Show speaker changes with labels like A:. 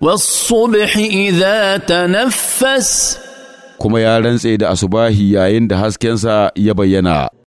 A: Wasu subuhi idan ta
B: nafas?
A: Kuma ya rantse da Asubahi yayin da haskensa ya bayyana.